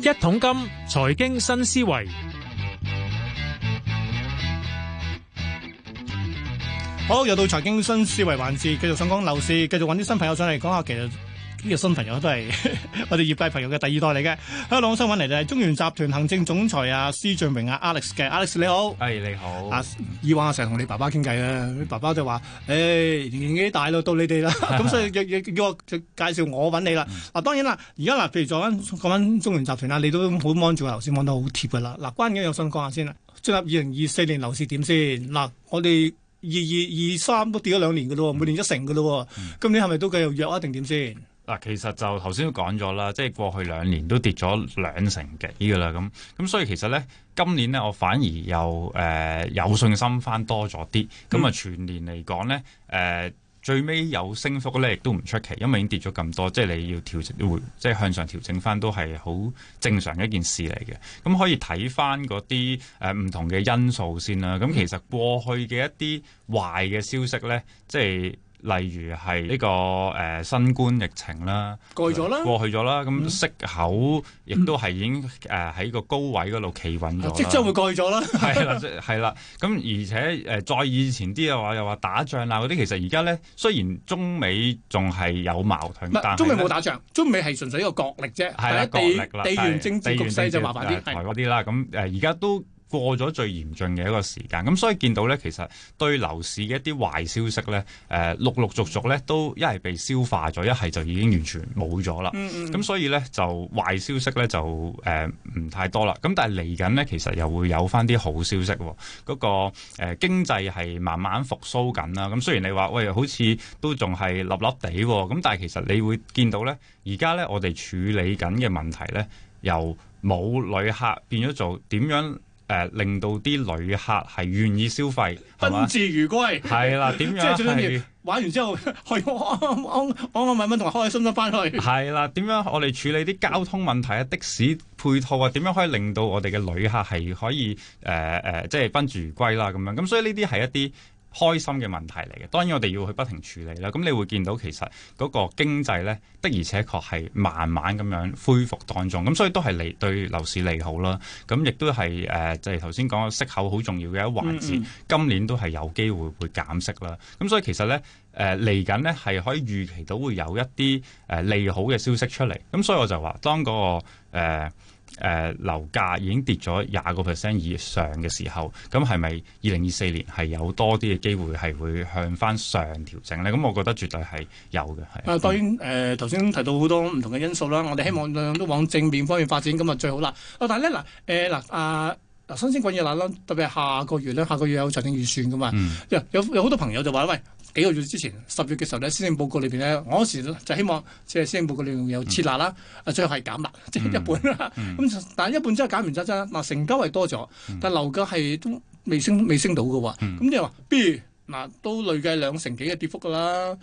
一桶金財經新思維，好，又到財經新思維環節，繼續想講樓市，繼續揾啲新朋友上嚟講下，其實。呢個新朋友都係 我哋業界朋友嘅第二代嚟嘅。香港新聞嚟就係中原集團行政總裁啊，施俊嶸啊、啊，Alex 嘅 Alex 你好，哎你好。阿 E 阿成日同你爸爸傾偈啦，爸爸就話：誒、欸、年紀大咯，到你哋啦。咁 所以要，要，要我就介紹我揾你啦。嗱、啊、當然啦，而家嗱，譬如在揾講翻中原集團啦，你都好望住，樓市望得好貼噶啦。嗱、啊，關鍵有冇想講下先啊？進入二零二四年樓市點先？嗱、啊，我哋二二二三都跌咗兩年嘅咯，每年一成嘅咯、嗯，今年係咪都繼續弱一定點先？嗱，其實就頭先都講咗啦，即係過去兩年都跌咗兩成幾嘅啦，咁咁所以其實咧，今年咧我反而又誒有信心翻多咗啲，咁啊全年嚟講咧，誒最尾有升幅咧亦都唔出奇，因為已經跌咗咁多，即係你要調整會即係向上調整翻都係好正常嘅一件事嚟嘅，咁可以睇翻嗰啲誒唔同嘅因素先啦。咁其實過去嘅一啲壞嘅消息咧，即係。例如係呢、這個誒、呃、新冠疫情啦，過去咗啦，過去咗啦。咁、嗯、息口亦都係已經誒喺個高位嗰度企穩咗、啊、即將會過去咗啦，係 啦，係啦。咁而且誒、呃、再以前啲嘅話，又話打仗啦嗰啲，其實而家咧雖然中美仲係有矛盾，但中美冇打仗，中美係純粹一個角力啫，係啊，角力啦，地緣政治局勢就麻煩啲，係嗰啲啦。咁誒而家都。過咗最嚴峻嘅一個時間，咁所以見到呢，其實對樓市嘅一啲壞消息呢，誒、呃，陸陸續續呢都一係被消化咗，一係就已經完全冇咗啦。咁、嗯嗯、所以呢，就壞消息呢，就誒唔、呃、太多啦。咁但係嚟緊呢，其實又會有翻啲好消息、哦。嗰、那個誒、呃、經濟係慢慢復蘇緊啦。咁、嗯、雖然你話喂，好似都仲係笠笠地，咁但係其實你會見到呢，而家呢，我哋處理緊嘅問題呢，由冇旅客變咗做點樣。誒令到啲旅客係願意消費，賓至如歸。係啦、啊，點樣即係 最緊要玩完之後，可以安安安安穩穩同埋開心心翻去。係啦，點樣我哋處理啲交通問題啊、 的士配套啊，點樣可以令到我哋嘅旅客係可以誒誒即係賓至如歸啦咁樣。咁所以呢啲係一啲。開心嘅問題嚟嘅，當然我哋要去不停處理啦。咁你會見到其實嗰個經濟呢的，而且確係慢慢咁樣恢復當中，咁所以都係嚟對樓市利好啦。咁亦都係誒、呃，就係頭先講嘅息口好重要嘅一環節，嗯嗯今年都係有機會會減息啦。咁所以其實呢，誒嚟緊呢係可以預期到會有一啲誒、呃、利好嘅消息出嚟。咁所以我就話當嗰、嗰個、呃誒、呃、樓價已經跌咗廿個 percent 以上嘅時候，咁係咪二零二四年係有多啲嘅機會係會向翻上調整咧？咁我覺得絕對係有嘅。係啊，當然誒，頭、呃、先提到好多唔同嘅因素啦，我哋希望都、呃、往正面方面發展，咁啊最好啦、哦呃呃。啊，但係咧嗱，誒嗱啊。嗱，新鮮滾熱辣啦，特別係下個月咧，下個月有財政預算㗎嘛。嗯、有有好多朋友就話：喂，幾個月之前十月嘅時候咧，施政報告裏邊咧，我嗰時就希望即係施政報告裏邊有撤辣啦，啊、嗯、最後係減辣，即、就、係、是、一半啦。咁、嗯嗯、但係一半真係減完咗啫，嗱，成交係多咗，但係樓價係都未升未升到嘅喎。咁即係話：不如都累計兩成幾嘅跌幅㗎啦。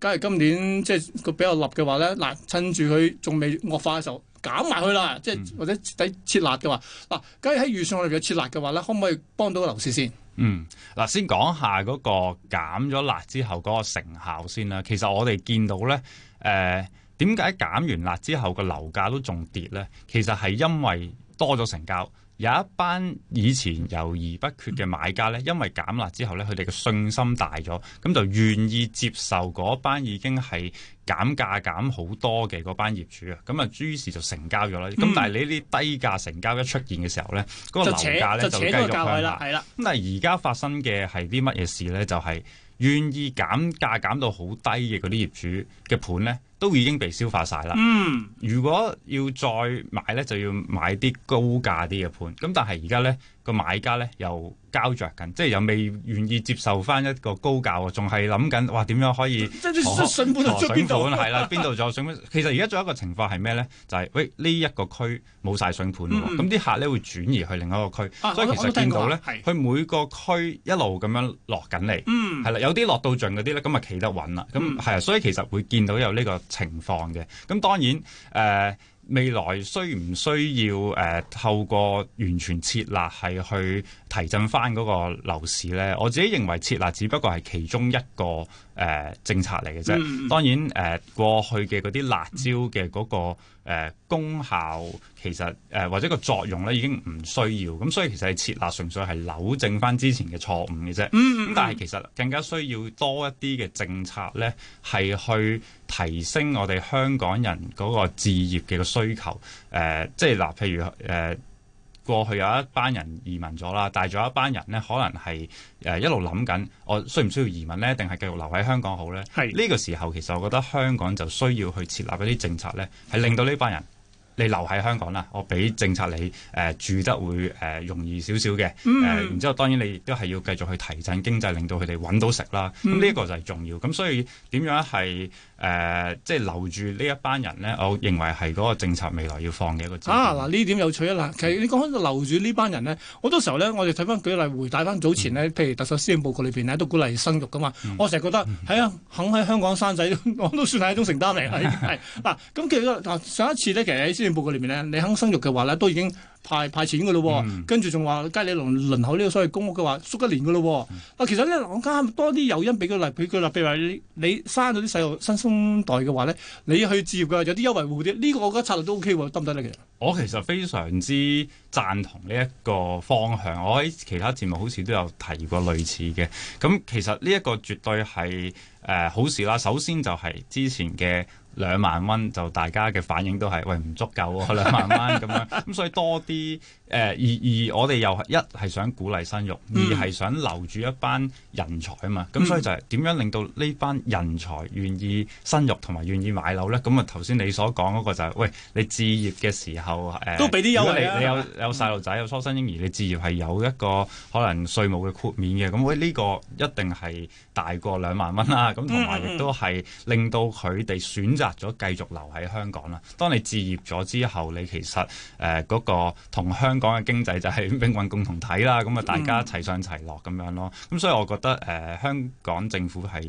假如今年即係個比較立嘅話咧，嗱，趁住佢仲未惡化嘅時候。」減埋佢啦，即係或者徹底撤辣嘅話，嗱，梗係喺預算我哋嘅撤辣嘅話咧，可唔可以幫到個樓市先？嗯，嗱，先講下嗰個減咗辣之後嗰個成效先啦。其實我哋見到咧，誒、呃，點解減完辣之後個樓價都仲跌咧？其實係因為。多咗成交，有一班以前猶豫不決嘅買家呢，因為減辣之後呢，佢哋嘅信心大咗，咁就願意接受嗰班已經係減價減好多嘅嗰班業主啊，咁啊於是就成交咗啦。咁但係你呢啲低價成交一出現嘅時候呢，嗰、嗰個樓價呢就繼續㗋啦，係啦。咁但係而家發生嘅係啲乜嘢事呢？就係、係、願意減價減到好低嘅嗰啲業主嘅盤呢。都已經被消化晒啦。嗯，如果要再買咧，就要買啲高價啲嘅盤。咁但係而家咧個買家咧又膠着緊，即係又未願意接受翻一個高價喎，仲係諗緊，哇點樣可以？即係啲筍盤就出邊度？係啦，邊度就筍盤，啊盤啊？其實而家仲有一個情況係咩咧？就係、是、喂呢一、呢個區冇晒筍盤喎，咁、嗯、啲客咧會轉移去另一個區，啊、所以其實見到咧，佢每個區一路咁樣落緊嚟。嗯，係啦，有啲落到盡嗰啲咧，咁啊企得穩啦。咁、嗯、係啊，所以其實會見到有呢、呢個。情況嘅，咁當然誒、呃、未來需唔需要誒、呃、透過完全設立係去提振翻嗰個樓市呢？我自己認為設立只不過係其中一個。誒、呃、政策嚟嘅啫，當然誒、呃、過去嘅嗰啲辣招嘅嗰、嗰個、呃、功效，其實誒、呃、或者個作用咧已經唔需要，咁所以其實係撤辣純粹係扭正翻之前嘅錯誤嘅啫。咁、嗯嗯、但係其實更加需要多一啲嘅政策咧，係去提升我哋香港人嗰個置業嘅個需求。誒、呃，即係嗱、呃，譬如誒。呃過去有一班人移民咗啦，但仲有一班人呢可能係、呃、一路諗緊，我需唔需要移民呢？定係繼續留喺香港好呢？係呢、這個時候，其實我覺得香港就需要去設立一啲政策呢，係令到呢班人。你留喺香港啦，我俾政策你誒、呃、住得會誒、呃、容易少少嘅，然之後當然你亦都係要繼續去提振經濟，令他們到佢哋揾到食啦。咁呢一個就係重要。咁所以點樣係誒即係留住這一呢一班人咧？我認為係嗰個政策未來要放嘅一、那個政策。啊嗱，呢點有趣啊嗱，其實你講緊留住這呢班人咧，好多時候咧，我哋睇翻舉例回帶翻早前呢、嗯，譬如特首施政報告裏邊咧都鼓勵生育噶嘛。嗯、我成日覺得係啊、嗯哎，肯喺香港生仔，我都算係一種承擔嚟嘅。係 嗱，咁、啊、其實嗱上一次咧，其實報告裏面咧，你肯生育嘅話咧，都已經。派派錢嘅咯，嗯、跟住仲話佳里龍輪候呢個所謂公屋嘅話，縮一年嘅咯、嗯。啊，其實咧，我加多啲誘因俾佢嚟，俾佢嚟，譬如話你你生咗啲細路新生代嘅話咧，你去置業嘅有啲優惠會好啲。呢、呢個我覺得策略都 OK 喎，得唔得呢？其實我其實非常之贊同呢一個方向，我喺其他節目好似都有提過類似嘅。咁其實呢一個絕對係誒、呃、好事啦。首先就係之前嘅兩萬蚊，就大家嘅反應都係喂，唔足夠喎，兩萬蚊咁樣，咁 所以多啲。啲、呃、誒而而我哋又係一係想鼓勵生育，嗯、二係想留住一班人才啊嘛，咁、嗯、所以就係點樣令到呢班人才願意生育同埋願意買樓咧？咁啊頭先你所講嗰個就係、係，喂你置業嘅時候誒、呃，都俾啲優惠。你有你有你有細路仔有初生嬰兒，你置業係有一個可能稅務嘅豁免嘅，咁喂呢個一定係大過兩萬蚊啦。咁同埋亦都係令到佢哋選擇咗繼續留喺香港啦。當你置業咗之後，你其實誒嗰、呃嗰個。同香港嘅經濟就係命運共同體啦，咁啊大家一齊上一齊落咁樣咯。咁、嗯嗯、所以我覺得誒、呃、香港政府係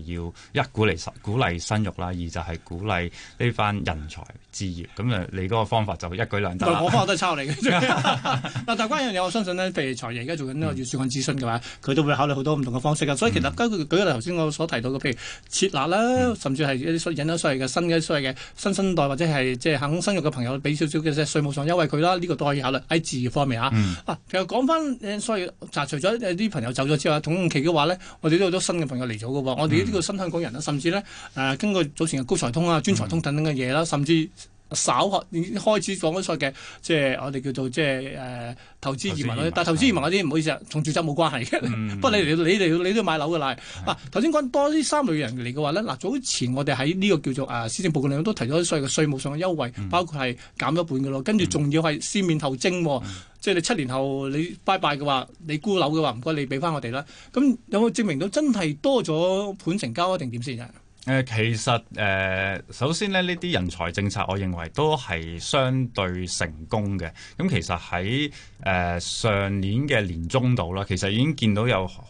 要一鼓嚟鼓勵生育啦，二就係鼓勵呢番人才置業。咁啊你嗰個方法就一舉兩得 我方法都係抄你嘅。嗱 但係關鍵嘅嘢，我相信呢，譬如財爺而家做緊呢個預算案諮詢嘅話，佢、嗯、都會考慮好多唔同嘅方式嘅。所以其實根據、嗯、舉例頭先我所提到嘅，譬如設立啦，嗯、甚至係引得所謂嘅新嘅所謂嘅新生代或者係即係肯生育嘅朋友，俾少少嘅稅務上優惠佢啦，呢、這個都可以考慮。喺事業方面嚇，啊，其實講返誒，所以就除咗誒啲朋友走咗之外，同期嘅話咧，我哋都有好多新嘅朋友嚟咗㗎喎。我哋呢個新香港人咧、嗯，甚至咧誒、呃，經過早前嘅高才通啊、專才通等等嘅嘢啦，甚至。稍學開始講嗰啲嘅，即係我哋叫做即係誒投資移民，但係投資移民嗰啲唔好意思啊，同住宅冇關係嘅。不、嗯、過 你你哋你，你都要買樓㗎啦。嗱頭先講多呢三類人嚟嘅話咧，嗱早前我哋喺呢個叫做啊施政報告裏都提咗所有嘅稅務上嘅優惠，嗯、包括係減咗半嘅咯。跟住仲要係先免後徵、嗯，即係你七年後你拜拜嘅話，你沽樓嘅話唔該你俾翻我哋啦。咁有冇證明到真係多咗盤成交啊？定點先啊？呃、其實、呃、首先咧呢啲人才政策，我認為都係相對成功嘅。咁其實喺、呃、上年嘅年中度啦，其實已經見到有好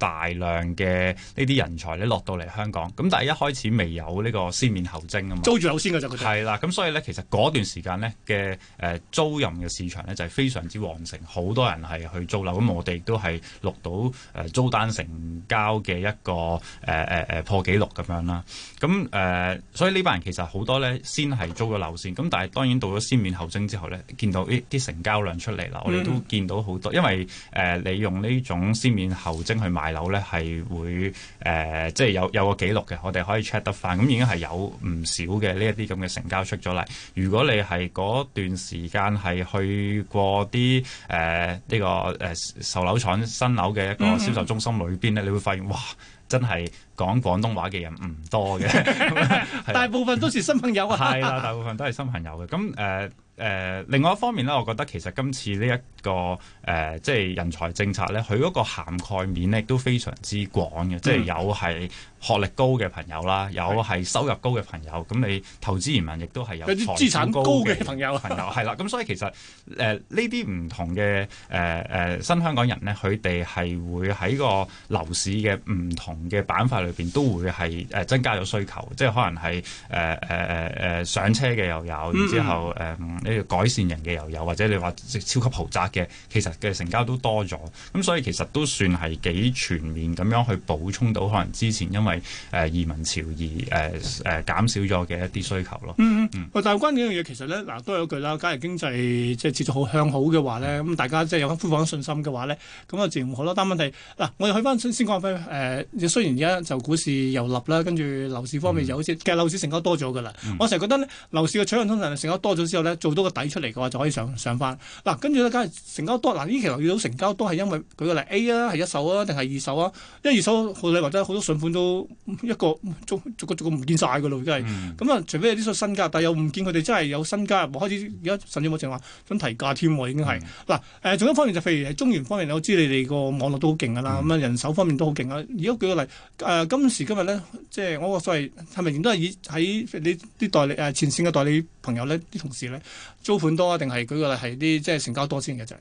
大量嘅呢啲人才咧落到嚟香港，咁但係一開始未有呢個先免後徵啊嘛，租住樓先嘅啫，就是，佢哋係啦，咁所以咧其實嗰段時間咧嘅誒租賃嘅市場咧就係、是、非常之旺盛，好多人係去租樓，咁我哋都係錄到誒租單成交嘅一個誒誒誒破紀錄咁樣啦。咁誒、呃，所以呢班人其實好多咧先係租咗樓先，咁但係當然到咗先免後徵之後咧，見到啲啲成交量出嚟啦，嗯，我哋都見到好多，因為誒、呃、你用呢種先免後徵去買。樓咧係會誒、呃，即係有有個記錄嘅，我哋可以 check 得返。咁已經係有唔少嘅呢一啲咁嘅成交出咗嚟。如果你係嗰段時間係去過啲誒呢個誒、呃、售樓廠新樓嘅一個銷售中心裏邊咧、嗯，你會發現哇，真係。講廣東話嘅人唔多嘅， 大部分都係新朋友係、啊、啦 ，大部分都係新朋友嘅。咁誒誒，另外一方面咧，我覺得其實今次呢、這、一個誒、呃，即係人才政策咧，佢嗰個涵蓋面咧都非常之廣嘅、嗯，即係有係學歷高嘅朋友啦，嗯、有係收入高嘅朋友，咁你投資移民亦都係有資產高嘅朋友，朋友係啦。咁所以其實誒呢啲唔同嘅誒誒新香港人咧，佢哋係會喺個樓市嘅唔同嘅板塊。入邊都會係誒增加咗需求，即係可能係誒誒誒誒上車嘅又有，嗯、然之後誒呢個改善型嘅又有，或者你話即超級豪宅嘅，其實嘅成交都多咗，咁所以其實都算係幾全面咁樣去補充到可能之前因為誒、呃、移民潮而誒誒減少咗嘅一啲需求咯。嗯嗯嗯。喂，但係關鍵一樣嘢其實咧，嗱都有一句啦，假如經濟即係持續好向好嘅話咧，咁、嗯嗯、大家即係有翻恢復信心嘅話咧，咁啊自然好咯。但係問題嗱，我哋去翻先講下先啦。誒、呃，雖然而家就股市又立啦，跟住樓市方面就好似、嗯，其實樓市成交多咗噶啦。我成日覺得呢，樓市嘅取向通常成交多咗之後呢，做多個底出嚟嘅話就可以上上翻。嗱，跟住咧梗係成交多，嗱呢期樓要好成交多係因為舉個例 A 啊，係一手啊定係二手啊？因為二手你或者都好多信款都一個逐個逐個唔見晒噶咯，已經係咁啊。除非有啲新家，但又唔見佢哋真係有新家，開始而家甚至冇淨話想提價添喎，已經係嗱。誒、嗯，仲有、呃、一方面就譬、是、如係中原方面，我知道你哋個網絡都好勁噶啦，咁、嗯、啊人手方面都好勁啊。而家舉個例、呃啊、呃，今時今日咧，即係我個所謂係咪都係以喺你啲代理誒、呃，前線嘅代理朋友咧，啲同事咧，租款多啊，定係舉個例係啲即係成交多先嘅就係。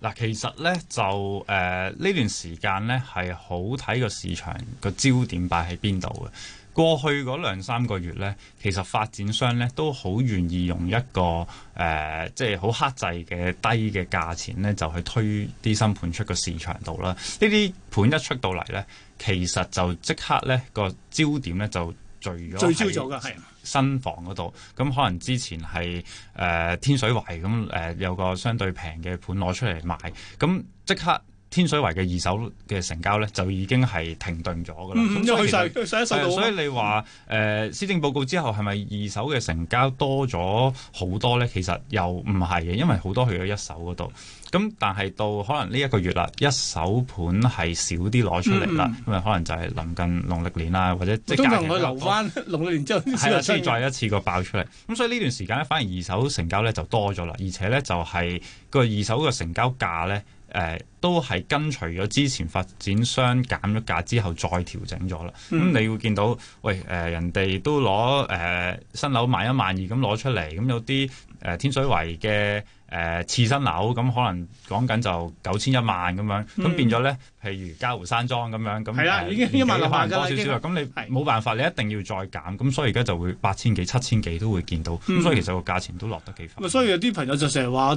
嗱，其實咧就誒呢、呃、段時間咧係好睇個市場個焦點擺喺邊度嘅。過去嗰兩三個月呢，其實發展商呢都好願意用一個誒、呃，即係好克制嘅低嘅價錢呢，就去推啲新盤出個市場度啦。呢啲盤一出到嚟呢，其實就即刻呢、呢個焦點呢就聚咗焦喺新房嗰度。咁可能之前係誒、呃、天水圍咁誒有個相對平嘅盤攞出嚟賣，咁即刻。天水圍嘅二手嘅成交咧，就已經係停頓咗噶啦。咁又去曬，上、嗯、一手、嗯嗯嗯、所以你話誒，施、呃、政報告之後係咪二手嘅成交多咗好多咧？其實又唔係嘅，因為好多去咗一手嗰度。咁但係到可能呢一個月啦，一手盤係少啲攞出嚟啦。咁、嗯、啊、嗯，可能就係臨近農曆年啊，或者即係通常我留翻農曆年之後才才。係啦，所以再一次個爆出嚟。咁 所以呢段時間咧，反而二手成交咧就多咗啦，而且咧就係、是、個二手嘅成交價咧。誒、呃、都係跟隨咗之前發展商減咗價之後再調整咗啦，咁、嗯、你會見到，喂誒、呃、人哋都攞誒、呃、新樓萬一萬二咁攞出嚟，咁有啲誒、呃、天水圍嘅。誒、呃、次新樓咁、嗯、可能講緊就九千一萬咁樣，咁變咗咧，譬如嘉湖山莊咁樣，咁係啦，已經一萬零萬啦，已經，咁、嗯、你冇辦法，你一定要再減，咁、嗯、所以而家就會八千幾、七千幾都會見到，咁、嗯、所以其實個價錢都落得幾快。所以有啲朋友就成日話我哋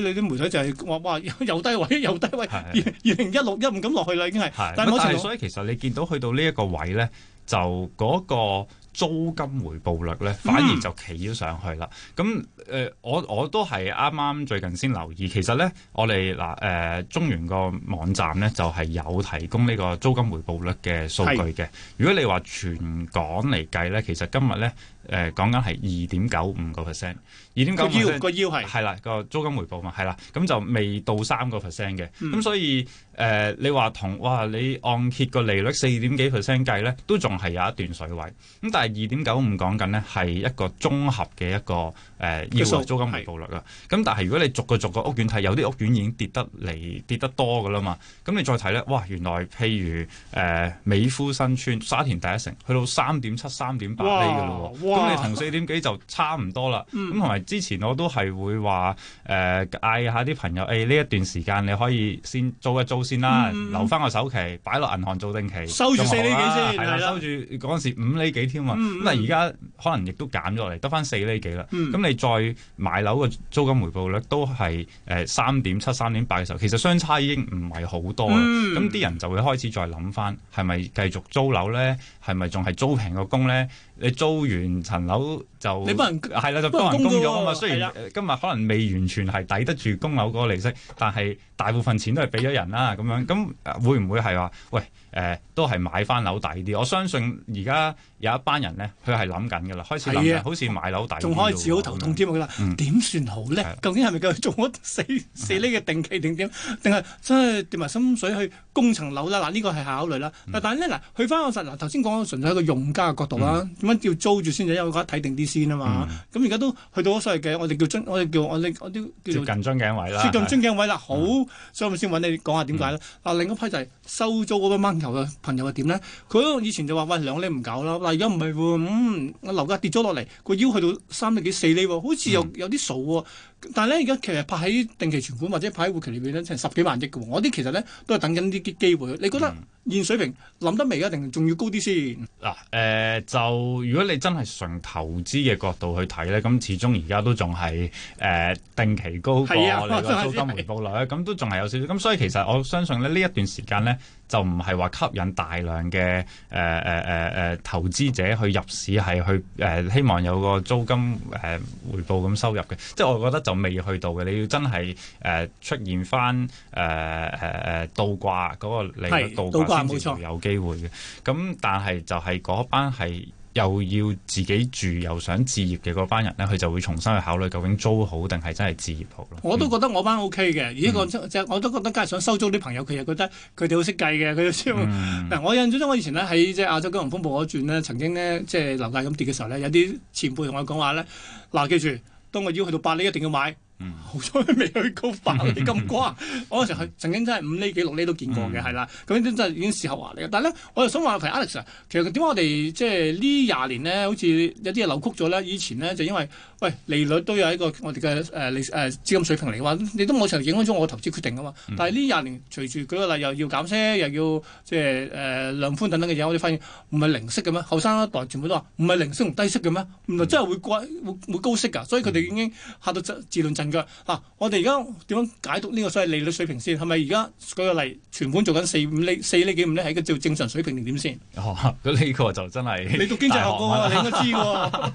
咧，你啲媒體就係、是、話哇，又低位又低位二，二零一六一五咁落去啦，已經係。但係我但係所以其實你見到去到呢一個位咧，就嗰、那個。租金回報率咧，反而就企咗上去啦。咁、嗯、誒、呃，我我都係啱啱最近先留意，其實咧，我哋嗱誒中原個網站咧就係、是、有提供呢個租金回報率嘅數據嘅。如果你話全港嚟計咧，其實今日咧誒講緊係二點九五個 percent，二點九個腰個腰係係啦、那個租金回報嘛係啦，咁就未到三個 percent 嘅。咁、嗯、所以誒、呃，你話同哇，你按揭個利率四點幾 percent 計咧，都仲係有一段水位咁，但係二點九五講緊咧，係一個綜合嘅一個誒，呃、要租金回報率啦。咁但係如果你逐個逐個屋苑睇，有啲屋苑已經跌得嚟跌得多噶啦嘛。咁你再睇咧，哇！原來譬如誒、呃、美孚新村、沙田第一城，去到三點七、三點八厘喇咯。咁你同四點幾就差唔多啦。咁同埋之前我都係會話誒嗌下啲朋友，誒、哎、呢一段時間你可以先租一租先啦，嗯、留翻個首期，擺落銀行做定期，收住四厘幾先，啦，啦，啦，啦，收住嗰陣時五厘幾添。咁、嗯、但而家可能亦都減咗嚟，得翻四厘幾啦。咁、嗯、你再買樓嘅租金回報率都係誒三點七、三點八嘅時候，其實相差已經唔係好多啦。咁、嗯、啲人就會開始再諗翻，係咪繼續租樓咧？係咪仲係租平個供咧？你租完層樓就你幫人係啦、啊，就幫人供咗啊嘛。雖然、啊、今日可能未完全係抵得住供樓嗰個利息，但係大部分錢都係俾咗人啦、啊。咁樣咁會唔會係話喂誒、呃、都係買翻樓抵啲？我相信而家有一班，人咧，佢係諗緊噶啦，開始諗好似買樓大，仲開始好頭痛添啊！點、嗯、算好咧？究竟係咪夠做咗四四呢嘅定期定點，定係真係掂埋心水去供層樓啦？嗱，呢個係考慮啦、嗯。但係咧嗱，去翻個實嗱，頭先講純粹係個用家嘅角度啦。點樣叫租住先就因為覺得睇定啲先啊嘛。咁而家都去到咗所謂嘅我哋叫樽，我哋叫我哋嗰啲接近樽頸位啦，接近樽頸位啦，好、嗯、所以咪先揾你講下點解啦？嗱、嗯，另一批就係收租嗰班掹頭嘅朋友係點咧？佢以前就話喂兩年唔搞啦，嗱而家唔係。嗯，啊樓價跌咗落嚟，個腰去到三釐幾四厘喎、哦，好似又有啲傻喎、哦。但係呢，而家其實拍喺定期存款或者拍喺活期裏邊，成十幾萬億喎。我啲其實呢，都係等緊啲機會，你覺得？嗯現水平諗得未一定仲要高啲先？嗱，誒，就如果你真係純投資嘅角度去睇咧，咁始終而家都仲係誒定期高過你個租金回報率，咁都仲係有少少。咁所以其實我相信咧呢呢一段時間咧，就唔係話吸引大量嘅誒誒誒誒投資者去入市係去誒，呃，希望有個租金誒，呃，回報咁收入嘅。即係我覺得就未去到嘅。你要真係誒，呃，出現翻誒誒誒倒掛嗰，嗰個利率倒掛。冇錯，有機會嘅。咁但係就係嗰班係又要自己住又想置業嘅嗰班人咧，佢就會重新去考慮究竟租好定係真係置業好咯。我都覺得我班 OK 嘅。而家講即係我都覺得，梗係想收租啲朋友，佢又覺得佢哋好識計嘅。佢就知嗱，我印象中，我以前咧喺即係亞洲金融風暴嗰轉咧，曾經咧即係樓價咁跌嘅時候咧，有啲前輩同我講話咧，嗱記住，當我要去到八，你一定要買。嗯、好彩未去到爆咁瓜。 我嗰時曾經真係五釐幾六釐都見過嘅，係、嗯、啦。咁呢啲真係已經係後話嚟嘅。但係咧，我又想話提 Alex，其實點解我哋即係呢廿年咧，好似有啲嘢扭曲咗咧？以前咧就因為喂利率都有一個我哋嘅誒利資金水平嚟話，你都冇成日影響咗我投資決定噶嘛。嗯、但係呢廿年隨住舉個例，又要減息，又要即係誒量寬等等嘅嘢，我哋發現唔係零息嘅咩？後生一代全部都話唔係零息同低息嘅咩？唔、嗯、來真係會貴會，會高息㗎，所以佢哋已經嚇到自自亂陣嗱、啊，我哋而家點樣解讀呢個所謂利率水平先？係咪而家舉個例，存款做緊四五厘四釐幾五咧，係一個叫正常水平定點先？呢、哦這個就真係、啊、你讀經濟學嘅、啊、 你應該知㗎。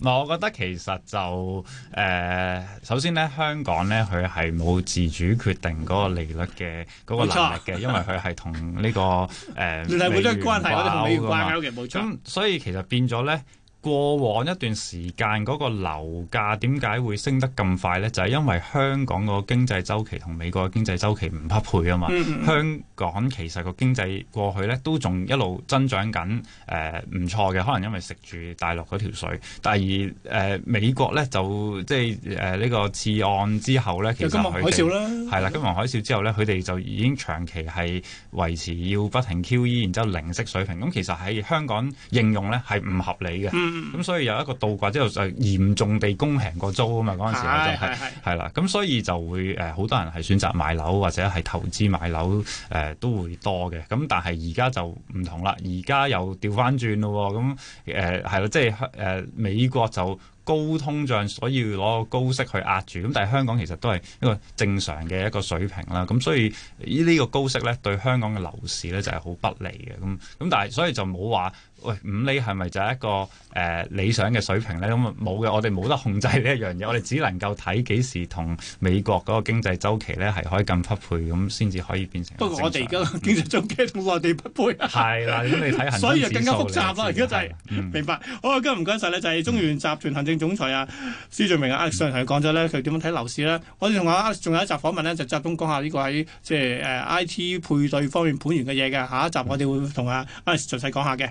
嗱，我覺得其實就誒、呃，首先咧，香港咧，佢係冇自主決定嗰個利率嘅嗰個能力嘅， 因為佢、這個呃、 係同呢個誒美元掛鈎嘅，冇錯。咁所以其實變咗咧。過往一段時間嗰、那個樓價點解會升得咁快呢？就係、是、因為香港個經濟周期同美國嘅經濟周期唔匹配啊嘛。Mm -hmm. 香港其實個經濟過去呢都仲一路增長緊，誒、呃、唔錯嘅。可能因為食住大陸嗰條水，但係誒、呃、美國呢就即係呢、呃、這個次按之後呢，其實佢哋係啦，金融海嘯之後呢，佢哋就已經長期係維持要不停 QE，然之後零息水平。咁其實喺香港應用呢係唔合理嘅。Mm -hmm. 咁、嗯嗯、所以有一個倒掛之後就是、嚴重地供平過租啊嘛，嗰陣時就係係啦，咁所以就會誒好、呃呃、多人係選擇買樓或者係投資買樓誒、呃、都會多嘅，咁但係而家就唔同啦，而家又調翻轉咯，咁誒係咯，即係誒、呃、美國就高通脹，所以攞高息去壓住，咁但係香港其實都係一個正常嘅一個水平啦，咁、啊、所以呢個高息咧對香港嘅樓市咧就係、是、好不利嘅，咁、嗯、咁但係所以就冇話。喂，五厘係咪就係一個誒、呃、理想嘅水平咧？咁冇嘅，我哋冇得控制呢一樣嘢，我哋只能夠睇幾時同美國嗰個經濟週期咧係可以咁匹配，咁先至可以變成。不過我哋而家經濟週期同內地匹配，係、嗯、啦。咁你睇，所以就更加複雜啦。而家就係、係嗯、明白好啊。今日唔該晒咧，就係中原集團行政總裁啊，施、嗯、俊嶸啊，上嚟講咗咧佢點樣睇樓市咧、嗯。我哋仲有仲有一集訪問咧，就集中講下呢個喺即係、呃、誒 I T 配對方面盤源嘅嘢嘅，下一集我、啊，我哋會同啊阿詳細講下嘅。